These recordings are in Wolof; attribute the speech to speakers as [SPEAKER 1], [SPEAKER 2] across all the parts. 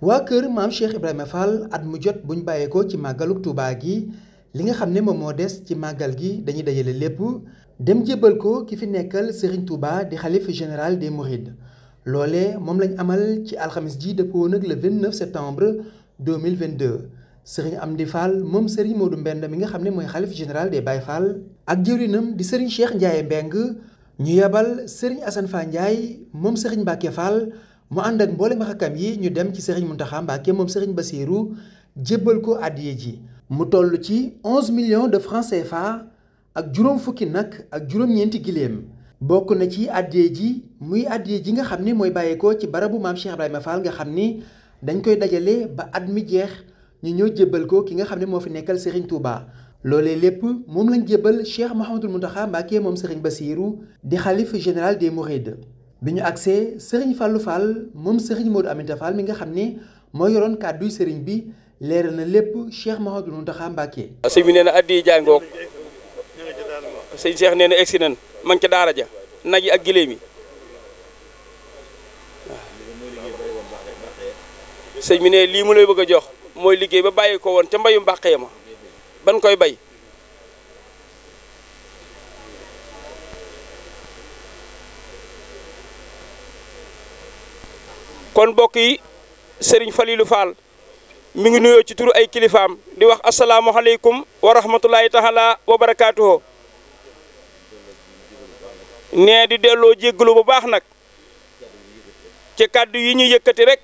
[SPEAKER 1] waa kër maam Cheikh Ibrahima Fall at mu jot bu ñu bàyyeekoo ci màggaluk Touba gi li nga xam ne moom moo des ci màggal gi dañuy dajale lépp dem jébbal ko ki fi nekkal Serigne Touba di xalif général des Mourides loole moom lañ amal ci alxamis ji dëppoo nag le 29 septembre 2022 am di Fall moom Serigne Modou Mbend mi nga xam ne mooy xalif général des Baye Fall ak jëwrinam di Serigne Cheikh Ndiaye Mbeng ñu yebal Serigne Assane Fa Ndiaye moom Serigne Mbacke Fall. mu ànd ak mboolem rakkam yi ñu dem ci sëriñ Mountakha Mbacké moom sëriñ Bassirou jébbal ko addiya ji mu toll ci 11 million de francs CFA ak juróom fukki nag ak juróom-ñeenti giléem bokk na ci addiya ji muy addiya ji nga xam ni mooy bàyyeekoo ci barabu maam Cheikh Ibrahima Fall nga xam ni dañ koy dajale ba at mi jeex ñu ñëw jébbal ko ki nga xam ne moo fi nekkal sëriñ Touba. loolee lépp moom lañ jébbal Cheikh Mouhamadul Mountakha Mbacké moom sëriñ Bassirou di xalif général des Mourides. bi ñu agsee Serigne Fallou Fall moom Serigne Modou Aminta Fall mi nga xam ni moo yoroon kàdduy Serigne bi leeral na lépp Cheikh Mouhamadou Mountakha Mbacké.
[SPEAKER 2] sëñ bi nee na addi jàngoog sëñ Cheikh nee na egsi nan ma ngi ca daara ja nag yi ak gileem yi waaw sëñ bi ne lii mu lay bëgg a jox mooy liggéey ba bàyyi ko woon ca mbayu mbàqee ma ban koy bay. kon mbokk yi Serigne Falilou mu ngi nuyoo ci turu ay kilifaam di wax asalaamualeykum wa rahmatulahi taala wa barakaatuho nee di delloo jéggalu bu baax nag ci kàddu yi ñuy yëkkati rek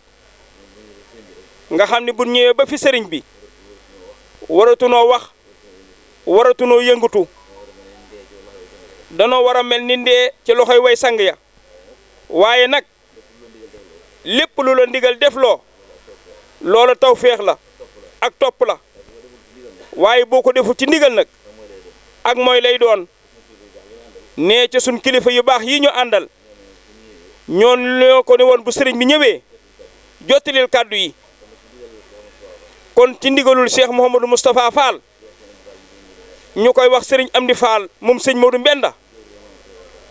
[SPEAKER 2] nga xam ne bu ñëwee ba fi sëriñ bi waratunoo wax waratunoo yëngatu danoo war a mel ni ndee ci loxoy way sang ya waaye nag lépp lu la ndigal def loo loola taw féex la ak topp la waaye boo ko deful ci ndigal nag ak mooy lay doon nee ca suñ kilifa yu baax yi ñu àndal ñoon ñoo ko ne woon bu sëriñ bi ñëwee jottalil kàddu yi kon ci ndigalul Cheikh Mouhamadou Moustapha Fall ñu koy wax sëriñ Amdi Fall moom sëñ Modou Mbenda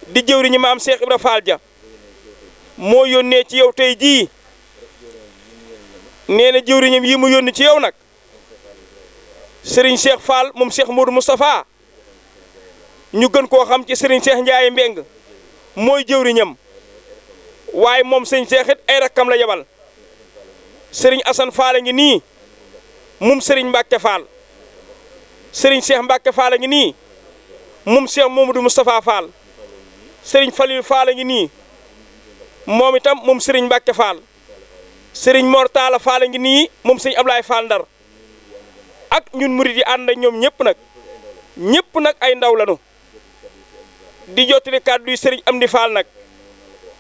[SPEAKER 2] di jëwriñu maam Cheikh Ibra Fall ja moo yónnee ci yow tey jii nee jëwriñam yi mu yónni ci yow nag sëriñ Cheikh Fall moom Cheikh Modou Moustapha ñu gën koo xam ci Serigne Cheikh Ndiaye Mbeng mooy jëwriñam waaye moom sëñ Cheikh it ay rakkam la yebal sëriñ Assane Fall ngi nii moom Serigne Mbacke Fall Serigne Cheikh Mbacke Fall a ngi nii moom Cheikh Momadou Moustapha Fall Serigne Falil Fall ngi nii. moom itam moom Serigne Mbacke Fall Serigne Mor Talla a ngi nii moom Serigne Ablaye Fall Ndar ak ñun murid yi ànd ñoom ñëpp nag ñëpp nag ay ndaw lañu di jottali kàddu yi am Amdi Fall nag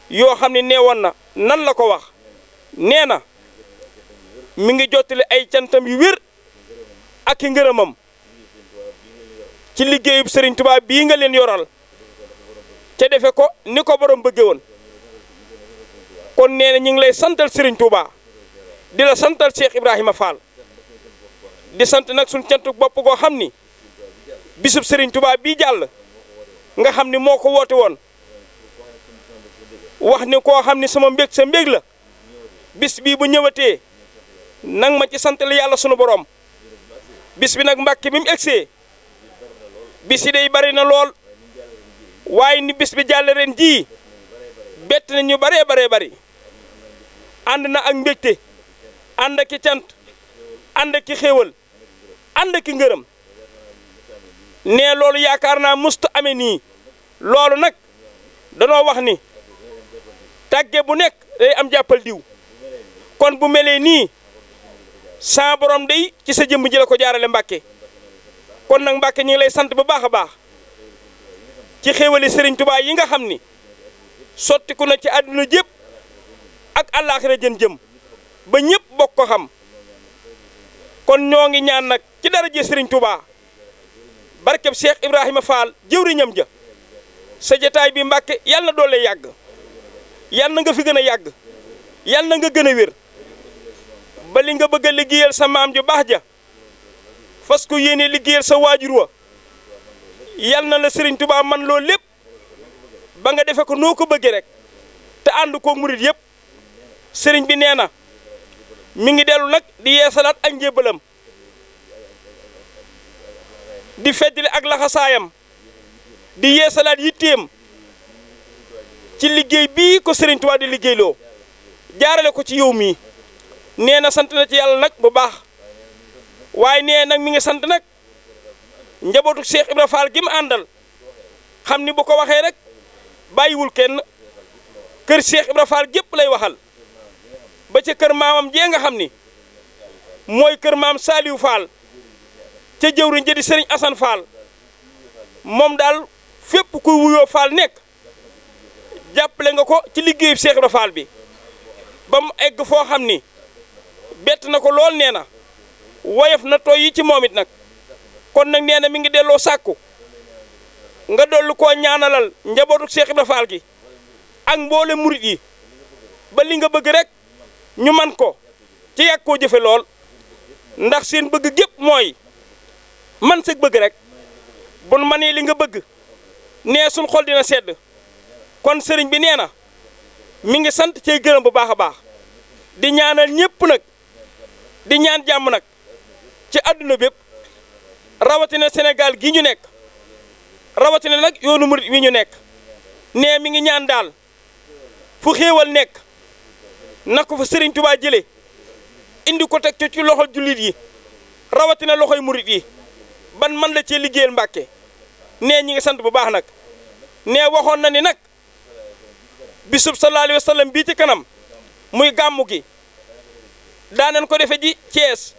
[SPEAKER 2] yoo xam ne neewoon na nan la ko wax nee na mi ngi jottali ay cantam yu wér ak i ngërëmam ci liggéeyub Serigne tubaab bii nga leen yoral te defe ko ni ko borom bëgge woon kon nee na ñu ngi lay santal Serigne Touba di la santal Cheikh Ibrahima Fall di sant nag suñ cantuk bopp goo xam ni bisub Serigne Touba bii jàll nga xam ni moo ko woote woon wax ni koo xam ni sama mbég sa mbég la bis bii bu ñëwatee nang ma ci santal yàlla sunu borom bis bi nag mbàkke bi mu egsee bis day bari na lool waaye ni bis bi jàll ren jii bett na ñu baree baree bari ànd na ak mbégte ànd ak i cant ànd ak i xéewal ànd ak i ngërëm ne loolu yaakaar naa musta amee nii loolu nag danoo wax ni tàgge bu nekk day am jàppal diw kon bu melee nii sa borom day ci sa jëmm ji ko jaarale Mbàkke kon nag Mbàkke ñu lay sant bu baax a baax ci xéewali Sëriñ Tuubaa yi nga xam ni sottiku na ci àdduna jépp ak àllaaxira jën jëm ba ñëpp bokk ko xam kon ñoo ngi ñaan nag ci dara ji Serigne Touba barkeb Cheikh Ibrahima Fall jëwriñam ja sa jataay bi Mbàkke yàlla na doole yàgg yàlla na nga fi gën a yàgg yàlla na nga gën a wér ba li nga bëgg a liggéeyal sa maam ju baax ja fas ko yéene liggéeyal sa waajur wa yàlla na la sëriñ tubaa man loolu lépp ba nga defe ko noo ko bëggee rek te ànd koo murit yëpp sëriñ bi nee na mi ngi dellu nag di yeesalaat ak njébbalam di feddali ak laxasaayam di yeesalaat yitteem ci liggéey bii ko sëriñ Tuubaa di liggéeyloo jaarale ko ci yow mii nee na sant na ci yàlla nag bu baax waaye nee nag mi ngi sant nag njabootu Cheikh Ibra Fall gi àndal xam ni boo ko waxee rek bàyyiwul kenn kër Cheikh Ibra Fall gépp lay waxal ba ca kër maamam jee nga xam ni mooy kër maam Saliou Fall ca jëwriñ ji di Serigne Assane moom daal fépp kuy wuyoo Fall nekk jàppale nga ko ci liggéeyu Cheikh Ibra Fall bi ba mu egg foo xam ni bett na ko lool nee na woyof na tooy yi ci moom it nag kon nag nee na mi ngi delloo sàkku nga dollu ko ñaanalal njabootu Cheikh Ibra Fall gi ak mboole murit yi ba li nga bëgg rek. ñu man ko ci yàgg koo jëfe lool ndax seen bëgg gépp mooy man sa bëgg rek bun manee li nga bëgg nee suñ xol dina sedd kon sëriñ bi nee na mi ngi sant cey gërëm bu baax a baax di ñaanal ñépp nag di ñaan jàmm nag ci àdduna bépp rawatina Sénégal gi ñu nekk rawatina nag yoonu murit wi ñu nekk nee mi ngi ñaan daal fu xéewal nekk na ko fa Serigne Touba jëlee indi ko teg ci loxo jullit yi rawatina loxoy murit yi ban man la cee liggéeyal Mbàkke ne ñi ngi sant bu baax nag nee waxoon na ni nag bisub sallallahu alayhi bii ci kanam muy gàmmu gi daanañ ko defe ji Thiès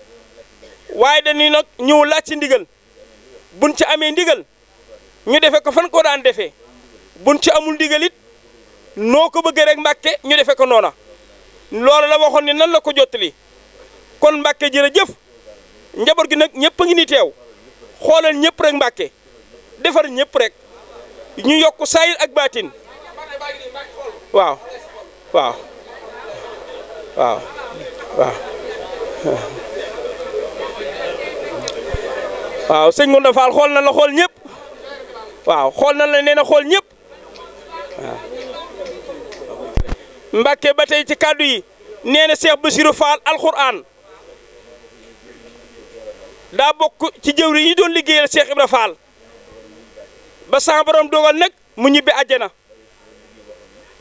[SPEAKER 2] waaye dañuy nag ñëw laaj ci ndigal buñ ci amee ndigal ñu defe ko fan ko daan defee buñ ci amul ndigal noo ko bëggee rek Mbàkke ñu defe ko noona loolu la waxoon ni nan la ko jottali kon Mbàkke jërëjëf njaboot gi nag ñëpp a ngi ni teew xoolal ñëpp rek mbakke defar ñépp rek ñu yokk saayir ak baatin waaw waaw waaw waaw waaw sëñ Ngounda Fall xool na la xool ñëpp waaw xool na la nee na xool ñëpp Mbacke ba tey ci kàddu yi nee na Cheikh Bassirou alxuraan daa bokk ci jëwri yi doon liggéeyal seex Ibra Fall ba sa borom dogal nag mu ñibbi àjjana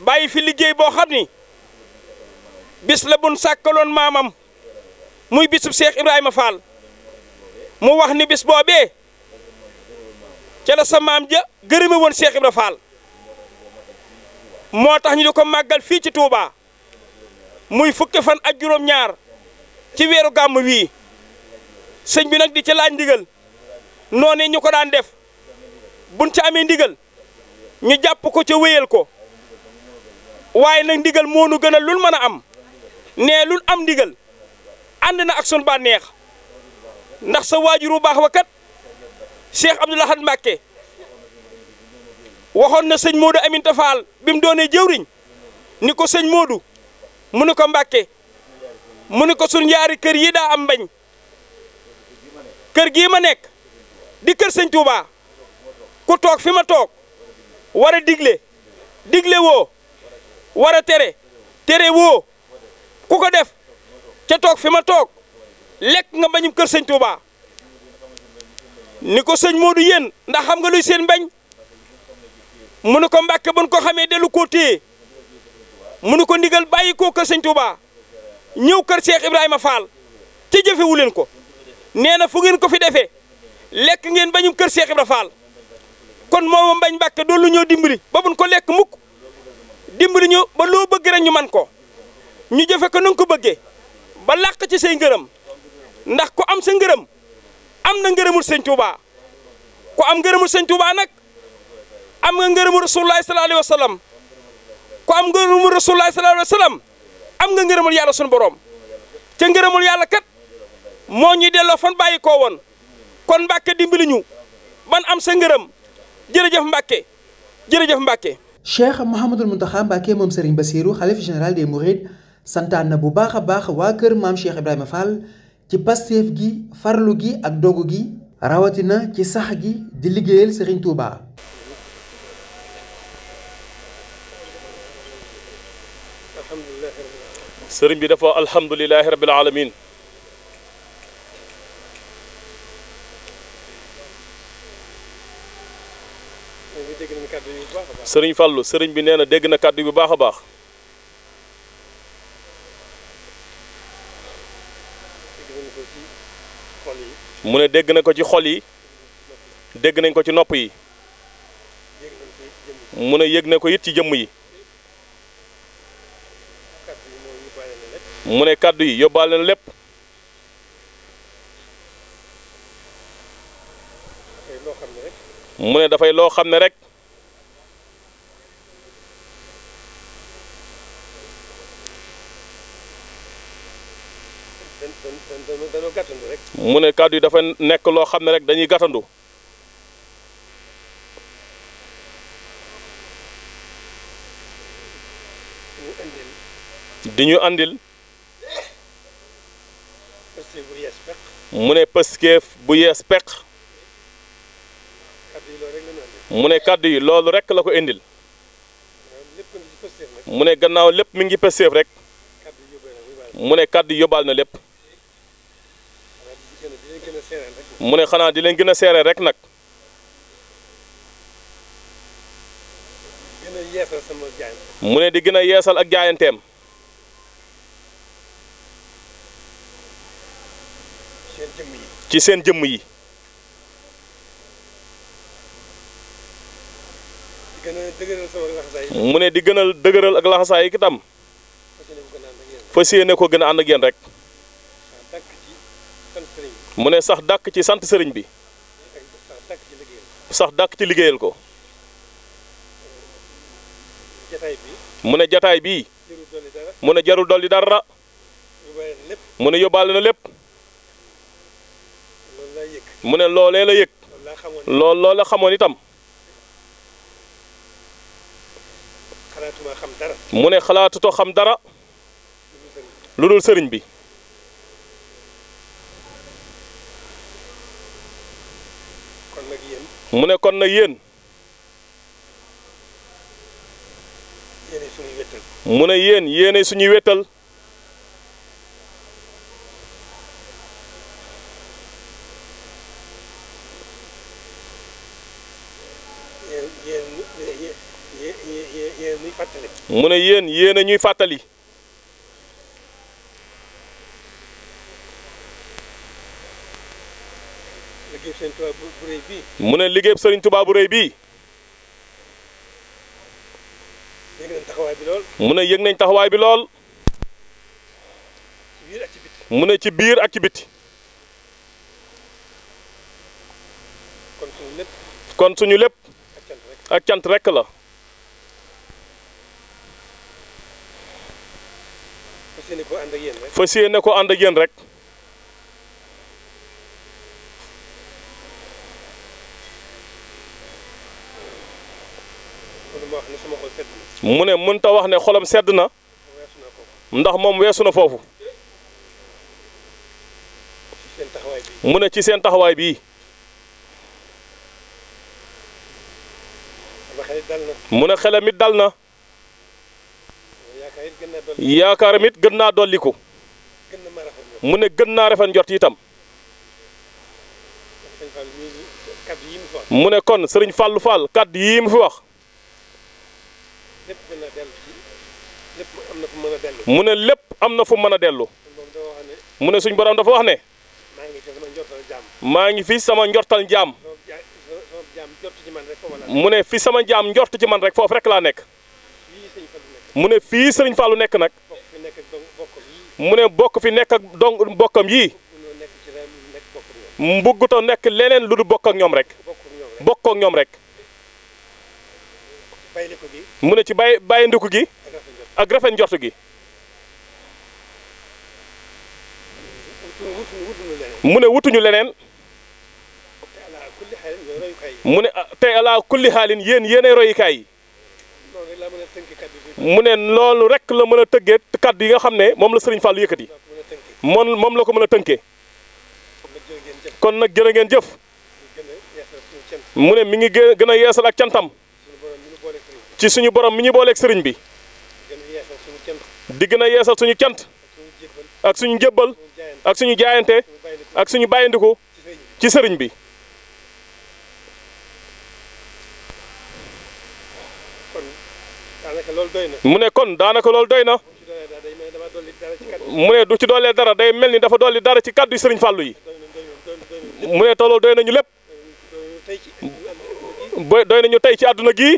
[SPEAKER 2] bàyyi fi liggéey boo xam ni bis la bun sàkkaloon maamam muy bisub seex Ibrahima Fall mu wax ni bis boobee ca la sa maam ja gërëme woon Cheikh Ibra Fall moo tax ñu di ko màggal fii ci Touba muy fukki fan ak juróom-ñaar ci weeru gàmm wii sëñ bi nag di ci laaj ndigal noonu ñu ko daan def buñ ci amee ndigal ñu jàpp ko ca wéyal ko waaye nag ndigal moo nu gën a lul mën a am nee lul am ndigal ànd na ak sun bànneex ndax sa wu baax wa kat Cheikh Abdoul Ahad Mbacké waxoon na sëñ Modou Aminta Fall bi mu doonee jëwriñ ni ko sëñ Modou mu ni ko mbakke mu ni ko suñ yaari kër yii daa am mbañ kër gii ma nekk di kër sëñ Touba ku toog fi ma toog war a digle digle woo war tere tere woo ku ko def ca toog fi ma toog lekk nga mbañum kër sëñ Touba ni ko sëñ Modou yéen ndax xam nga luy seen mbañ mu ne ko mbàkke buñ ko xamee dellu koo téye mu ne ko ndigal bàyyi koo kër sëñ Touba ñëw kër Cheikh Ibrahima Fall te jëfewu leen ko nee na fu ngeen ko fi defee lekk ngeen bañum kër Cheikh Ibrahima Fall kon moom mbañ mbàkke doolu ñëw dimbali ba buñ ko lekk mukk dimbali ñu ba loo bëgg rek ñu man ko ñu jëfe ko nanga ko bëggee ba làq ci say ngërëm ndax ku am sa ngërëm am na ngërëmul sëñ Touba ku am ngërëmul sëñ Touba nag am nga ngërëmu rasulullahi sallallahu alayhi wa am ngërëmu rasulullahi sallallahu alayhi am nga ngërëmul yàlla sunu borom ca ngërëmul yàlla kat moo ñuy delloo fan bàyyi koo woon kon Mbàkke dimbali ñu man am sa ngërëm jërëjëf Mbàkke jërëjëf Mbàkke.
[SPEAKER 1] Cheikh Mouhamadul Mountakha Mbàkke moom Serigne Bassirou xalif général des Mourides santaan na bu baaxa baax waa kër maam Cheikh Ibrahima Fall ci pasteef gi farlu gi ak dogu gi rawatina ci sax gi di liggéeyal Serigne Touba.
[SPEAKER 3] sëriñ bi dafa alhamdulilahi rabbil alamin sëriñ Fallou sëriñ bi nee na dégg na kàddu yi bu baax a baax mu ne dégg na ko ci xol yi dégg nañ ko ci nopp yi mu ne yëg ne ko it ci jëmm yi mu ne kàddu yi yóbbaale lépp mu ne dafay loo xam ne rek mu ne kàddu yi dafa nekk loo xam ne rek dañuy gàttandu di ñu andil mu ne Pastef bu yees peq mu ne kàddu yi loolu rek la ko indil mu ne gannaaw lépp mi ngi Pastef rek mu ne kàddu yóbbaal na lépp mu ne xanaa di leen gën a seereel rek nag mu ne di gën a yeesal ak jaayanteem ci seen jëmm yi mu ne di gënal dëgëral ak laxasaay yi itam fas yéene ko gën ànd ak yéen rek mu ne sax dàkk ci sant sëriñ bi sax dàkk ci liggéeyal ko mu ne jataay bii mu ne jarul dolli dara mu ne yóbbaale na lépp mu ne loolee la yëg lool loolu xamoon itam mu ne xalaatutoo xam dara lu dul sëriñ bi mu ne kon nag yéen mu ne yéen yéene suñuy wéttal mu ne yéen yéen a ñuy fàttali mu ne liggéeyub sëriñ tubaabu bu réy bii mu ne yëg nañ taxawaay bi lool mu ne ci biir ak ci biti kon suñu lépp ak cant rekk la
[SPEAKER 2] yéene ko ànd
[SPEAKER 3] ko ànd ak rek. mu ne wax ne xolam sedd na. ndax moom weesu na foofu. mu ci seen taxawaay bii. mu ne dal na. yaakaaram it gën naa dolliku mu ne gën naa rafet njort itam mu ne kon sëriñ Fallou Fall kàddu yii mu fi wax mu ne lépp am na fu mën a dellu mu ne suñ borom dafa wax ne maa ngi fi sama njortal jaam mu ne fi sama njaam njort ci man rek foofu rekk laa nekk mu ne fii sëriñ Fallou nekk nag mu ne bokk fi nekk ak dong bokkam yii mbugguta nekk leneen lu du bokk ak ñoom rek bokk ak ñoom rek mu ne ci bàyyi bàyyi ndiku gi ak rafet njort gi mu ne wutuñu leneen mu ne ah, tey alaa kulli xaalin yéen yéenay royukaay yi mu ne loolu rek la mën a tëggee kàddu yi nga xam ne moom la sëriñ Fallou yëkkati moom moom la ko mën a tënkee kon nag jërë ngeen jëf mu ne mi ngi gën a gën a yeesal ak cantam ci suñu borom mi ñu booleeg sëriñ bi di gën a yeesal suñu cant ak suñu njëbbal ak suñu jaayante ak suñu bàyyindiku ci sëriñ bi mu ne kon daanaka loolu doy na mu ne du ci doolee dara day mel ni dafa dolli dara ci kàddu sëriñ fàllu yi mu ne te loolu doy nañu lépp bo doy nañu tey ci àdduna gii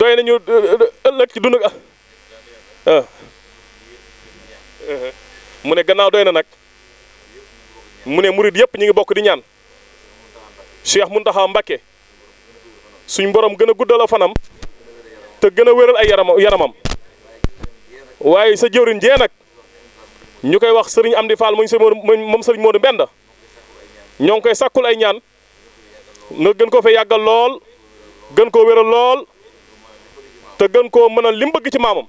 [SPEAKER 3] doy nañu euh, ëllëg ci dund ah. mu ne gannaaw doy na nag mu ne murit yëpp ñu ngi bokk di ñaan Cheikh Mountakha Mbacké suñ borom gën a guddal a fanam te gën a wéral ay yaram yaramam waaye sa jëwriñ jee nag ñu koy wax sëriñ Amdi Fall muñ moom sëriñ Modou Mbenda ñoo ngi koy sakkul ay ñaan nga gën koo fee yàggal lool gën koo wéral lool te gën koo mën a lim bëgg ci maamam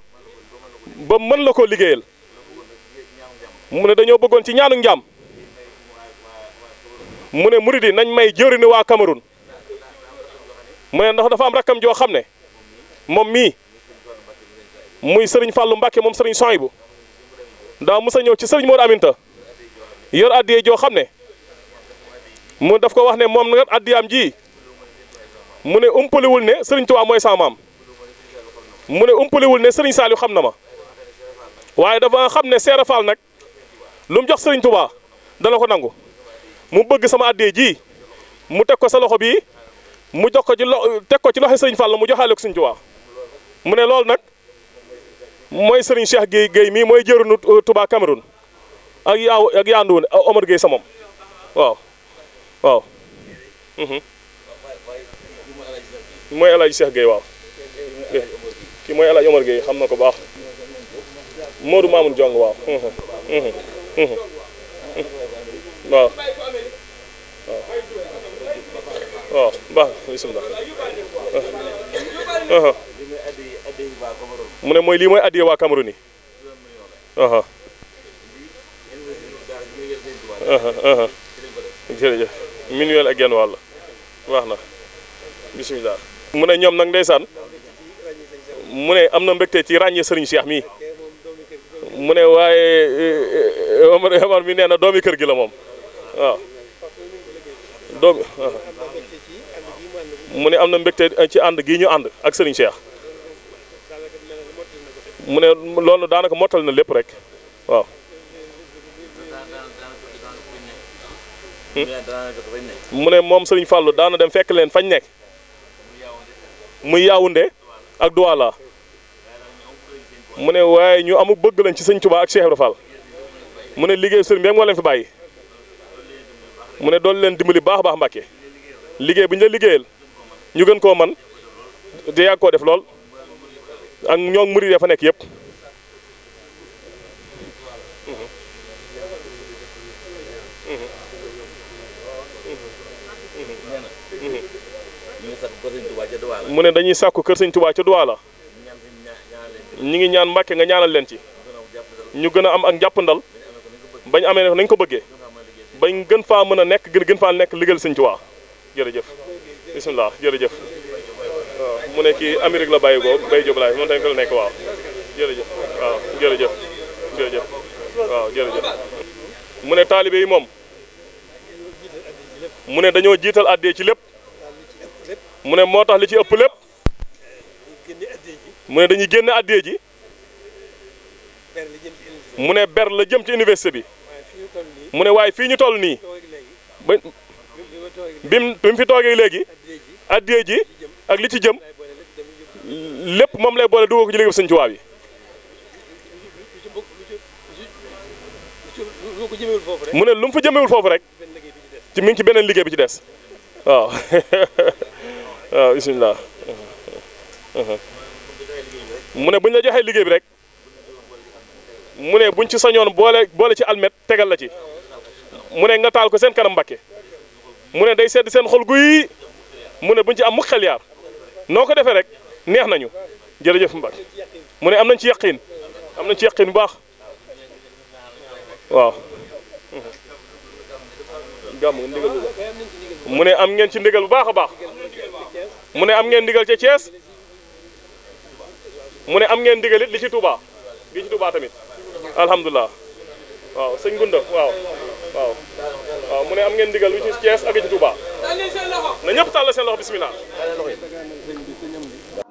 [SPEAKER 3] ba mën la koo liggéeyal mu ne dañoo bëggoon ci ñaanu njaam mu ne murid yi nañ may jëwriñu waa Cameroun mu ne ndax dafa am rakkam joo xam ne moom mii muy sëriñ fàllu Mbacke moom sëriñ Sohibou daa mos a ñëw ci sëriñ Mor Aminta yor addiye joo xam ne mu daf ko wax ne moom nag addiyaam ji mu ne umpaliwul ne sëriñ Tuubaa mooy sama mu ne umpaliwul ne sëriñ Saliou xam na ma waaye dafa xam ne Seera Fall nag lu mu jox sëriñ Tuubaa dana ko nangu mu bëgg sama addiye ji mu teg ko sa loxo bii mu jox ko ci lo teg ko ci loxo sëriñ Fall mu joxaale ko sëriñ Tuubaa mu ne loolu nag mooy Serigne Cheikh Gueye Gueye mi mooy jëruñu euh, Touba Cameroun ak yaaw ak yaanduwun euh, Omar Gueye sa moom waaw waaw mhm. mooy El Hadj Cheikh waaw kii mooy El Hadj Omar xam na ko baax Modou Mamoun Diong waaw waaw mhm, mhm, waaw waaw baax bisimilah mu ne mooy lii mooy addiya waa Cameroun yi uh-huh.
[SPEAKER 2] Uh-huh, uh-huh.
[SPEAKER 3] jërëjëf minuel ak genn wàll wax na bisimilah mu ne ñoom nag ndeysaan mu ne am na mbégte ci ràññee sëriñ seex mii mu ne waaye eh, eh, Omar Omar mi nee na doomi kër gi la moom waaw doomi mu ne am na mbégte ci ànd gii ñu ànd ak sëriñ Cheikh mu ne loolu daanaka mottal na lépp rek waaw. Hmm? mu ne moom Serigne Fallou daana dem fekk leen fañ nekk. muy Yaoundé ak Douala. mu ne waaye ñu amu bëgg lañ ci sëñ Touba ak Cheikh Ibra mu ne liggéey sëriñ bi moo fi bàyyi mu ne doon leen dimbali baax baax mbake liggéey bu ñu la liggéeyal ñu gën koo man di yàgg koo def lool. ak ñoom murid fa nekk yëpp mu ne dañuy sàkku kër sëñ Tuubaa ca Duwaala ñi ngi ñaan Mbàkke nga ñaanal leen ci ñu gën a am ak njàppandal bañ amee ne nañ ko bëggee bañ gën faa mën a nekk gën gën faa nekk liggéeyal sëñ Tuubaa jërëjëf bisimilah jërëjëf mu ne kii Amérique la bàyyi boobu Mbaye Diop laay moom tamit nekk waaw ne taalibe yi moom mu ne dañoo jiital addee ci lépp mu ne moo tax li ci ëpp lépp mu ne dañuy génne addee ji mu ne ber la jëm ci université bi mu ne waaye fii ñu toll nii ba bi mu fi toogee léegi addee ji ak li ci jëm lépp moom lay boole dugal ko ci liggéeyu sëñ Tuubaa bi mu ne lu mu fa jëmewul foofu rek ci mi ngi ci beneen liggéey bi ci des waaw waaw mu ne buñ la joxee liggéey bi rek mu ne buñ ci sañoon boole boole ci almet tegal la ci mu ne nga taal ko seen kanam Mbàkke mu ne day sedd seen xol guy mu ne buñ ci am mu xel yaar noo ko defee rek. neex nañu jërëjëf Mbacke mu ne am nañ ci yaqin am nañ ci yaqin bu baax waaw gàmm mu ne am ngeen ci ndigal bu baax a baax mu ne am ngeen digal ca Thiès mu ne am ngeen ndigal li ci Touba li ci Touba tamit alhamdulilah waaw sëñ Gunda waaw waaw mu ne am ngeen digal li ci Thiès
[SPEAKER 2] ak li ci Touba na
[SPEAKER 3] ñëpp tàllal seen loxo bismillah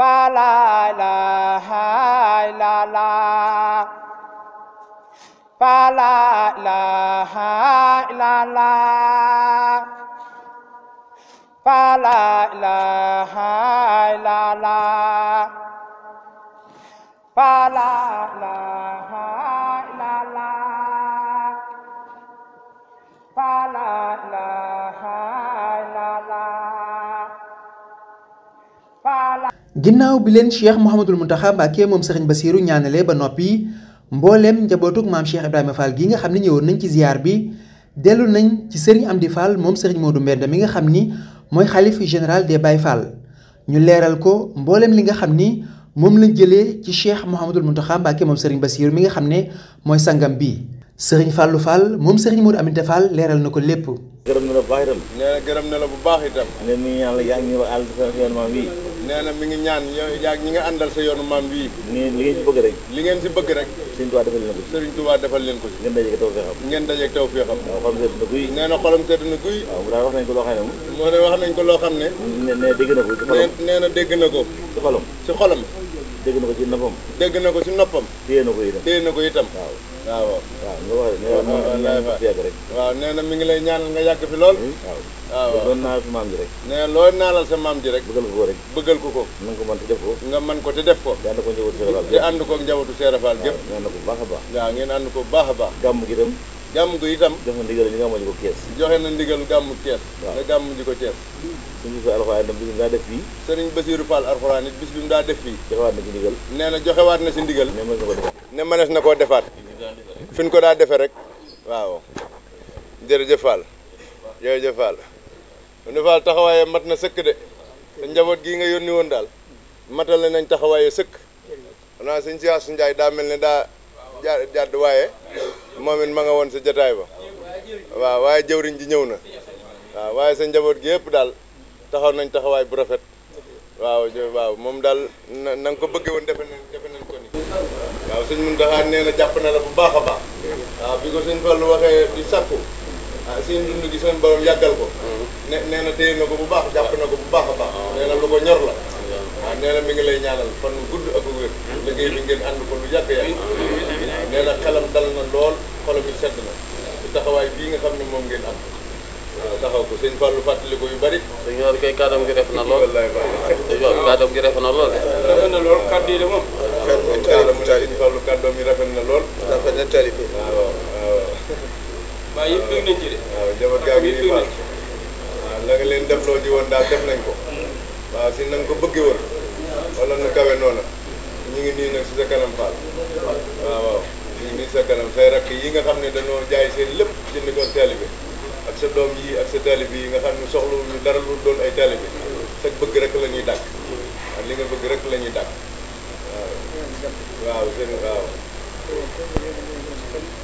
[SPEAKER 2] Ba la ilaha illallah Ba la ilaha illallah Ba la ilaha illallah
[SPEAKER 1] Ba la ginnaaw bi leen cheikh Mouhamadul Mountakha Mbacké moom sëriñ Bassirou ñaanale ba noppi mbooleem njabootug maam cheikh Ibrahima Fall gi nga xam ne ñëwoon nañ ci ziar bi dellu nañ ci sëriñ Amdi Fall moom sëriñ Modou Mbenda mi nga xam ni mooy xalif général des Baye Fall ñu leeral ko mbooleem li nga xam ni moom lañ jëlee ci cheikh Mouhamadul Mountakha Mbacké moom sëriñ mi nga xam ne mooy sangam bi sëriñ Fallou Fall moom sëriñ Modou Aminta Fall leeral na ko lépp.
[SPEAKER 4] gërëm na la bu baax itam. nee na gërëm yàlla yaa ngi ñëw àll nee na ngi ñaan yaa ñi nga àndal sa yoonu maam bii li ngeen si bëgg rek li ngeen si bëgg rek Serigne Touba defal leen ko Serigne Touba defal leen ko si ngeen dajeeg taw feexam ngeen waaw xolam daal wax nañ ko loo xam ne moo ne wax nañ ko loo xam ne nee dégg na ko ci nee na dégg na ko ci xolam ci xolam dégg na ko ci noppam dégg na ko ci noppam téye na ko itam téye na ko itam waaw waaw waaw nga wax waaw nee na mi ngi lay ñaanal nga yàgg fi lool. waaw waaw doon naa fi maam ji rek. nee loo naalal sa maam ji rek. bëggal na nga ko mën ko. ko te ko. di ànd ko njabootu ko njabootu Seera Faal gépp. waaw ngeen ànd ko bu baax a baax. waaw ngeen ànd ko bu baax joxe na ndigal li nga amoon ñu ko ko kees. suñu fa alxuraan itam bis bi mu daa def fii sëriñ Basiiru Fall na ci ndigal nee na na ne mënees na koo defaat fi ko daa defee rek waaw jërëjëf Fall jërëjëf Fall nu Fall taxawaaye mat na sëkk de te njaboot gii nga yónni woon daal matale nañ taxawaaye sëkk xanaa sëñ Siyaasu Njaay daa mel ne daa jaar jàdd waaye moom it ma nga woon sa jataay ba waaw waaye jëwriñ ji ñëw na waaw waaye sa njaboot gi yëpp daal taxaw nañ taxawaay bu rafet waaw moom daal na nga ko bëggee woon defe nañ ko ni waaw sëñ Mountakha nee na jàpp na la bu baax a baax. waaw bi ko sëñ Fallu waxee di sakku. ah seen dund gi seen borom yàggal ko. ne nee na téye na ko bu baax jàpp na ko bu baax a baax. nee na lu ko ñor la.
[SPEAKER 1] waaw
[SPEAKER 4] ah, nee na mi ngi lay ñaanal fan wu gudd ak wér. liggéey bi ngeen ànd ko lu yàgg yàgg. Ah, nee na xelam dal na lool xolam yi sedd na. taxawaay bii nga xam ne moom ngeen am. taxaw ko sëñ Fallou fàttali ko yu bari. sëñ Fallou kay kàddam gi rafet na lool. wallaay wallaay kàddam gi rafet na lool. rafet na lool kàddu yi de moom. kàddu taalibe sëñ Fallou kàddam yi rafet na lool. rafet na taalibe. waaw waaw. waaw yëpp dégg nañ ci la leen defloo ji woon daal def nañ ko. Mm. waaw si na ko bëggee woon. wala na kawe noona ñu ngi nii nag si sa kanam Fall. waaw waaw ñu nii sa kanam say rakk yi nga xam ne dañoo jaay seen lépp jënd ko taalibe bi ak sa doom yi ak sa taalibe yi nga xam ne soxlu ñu dara lu doon ay taalibe sag bëgg rekk lañuy ñuy dàkk li nga bëgg rek lañuy ñuy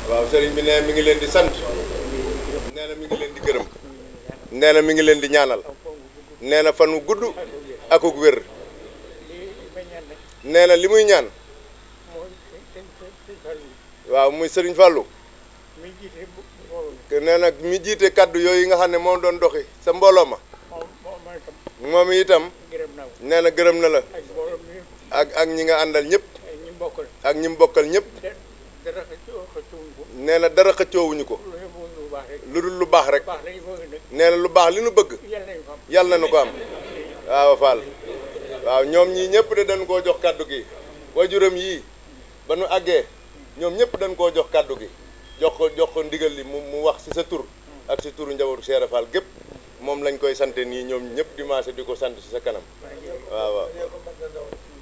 [SPEAKER 4] waaw sëriñ bi nee mi ngi leen di sant nee na mi ngi leen di gërëm nee na mi ngi leen di ñaanal nee na fan wu gudd ak ak wér nee li muy ñaan waaw muy sëriñ Fallou. nee nag mi jiite kàddu yooyu nga xam ne moom doon doxi sa mbooloo ma moom itam nee na gërëm na la ak ak ñi nga àndal ñëpp ak ñi mu bokkal ñëpp nee na dara xëccoowuñu ko lu dul lu baax rek nee na lu baax li nu bëgg yàlla na nu ko am waaw Fall waaw ñoom ñii ñëpp de dañ ko jox kàddu gi waajuram yii ba nu àggee ñoom ñëpp dañ koo jox kàddu gi jox ko jox ko ndigal li mu mu wax si sa tur hmm. ak si turu njabootu Cheikh Ibra Fall gépp moom lañ koy sante nii ñoom ñëpp dimanche di ko sant si sa kanam waaw waaw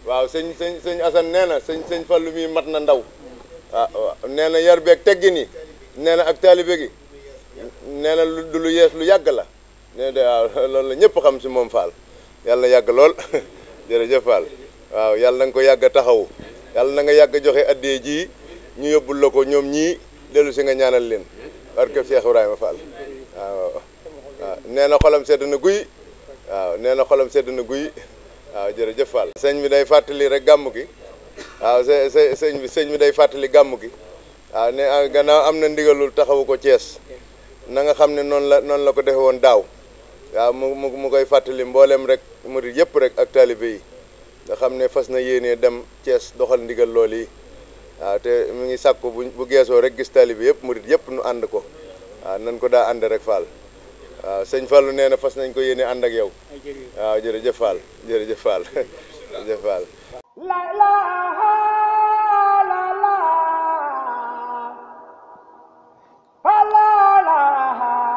[SPEAKER 4] waaw sëñ sëñ sëñ Assane nee na sëñ sëñ Fallu mi mat na ndaw hmm. ah, waaw nee na yar beeg teggin yi nee na ak taalibe gi nee na du lu yees lu yàgg la nee na waaw loolu la ñëpp xam si moom Fall yàlla yàgg lool jërëjëf Fall waaw yàlla na nga ko yàgg a taxawu yàlla na nga yàgg joxe addee ji ñu yóbbul la ko ñoom ñii dellu si nga ñaanal leen barkeb Cheikh Ibrahima Fall waaw waaw nee na xolam sedd na guy waaw nee na xolam sedd na guy jërëjëf Fall. sëñ bi day fàttali rek gàmmu gi waaw bi sëñ bi day fàttali gàmm gi ne ah, gannaaw am na ndigalul taxawu ko cees na nga xam ne noonu la noonu la ko defe woon daaw waaw mu mu mu koy fàttali mbooleem rek murid yëpp rek ak taalibe yi nga xam ne fas na yéenee dem cees doxal ndigal lool yi. waaw te mu ngi sàkku bu bu geesoo rek gis tali bi yëpp murit yëpp nu ànd ko waaw nan ko daa ànd rek Fall waaw sëñ Fallu nee na fas nañ ko yéene ànd ak yow waaw jërëjëf Fall jërëjëf Fall jërëjëf Fall
[SPEAKER 2] la la la la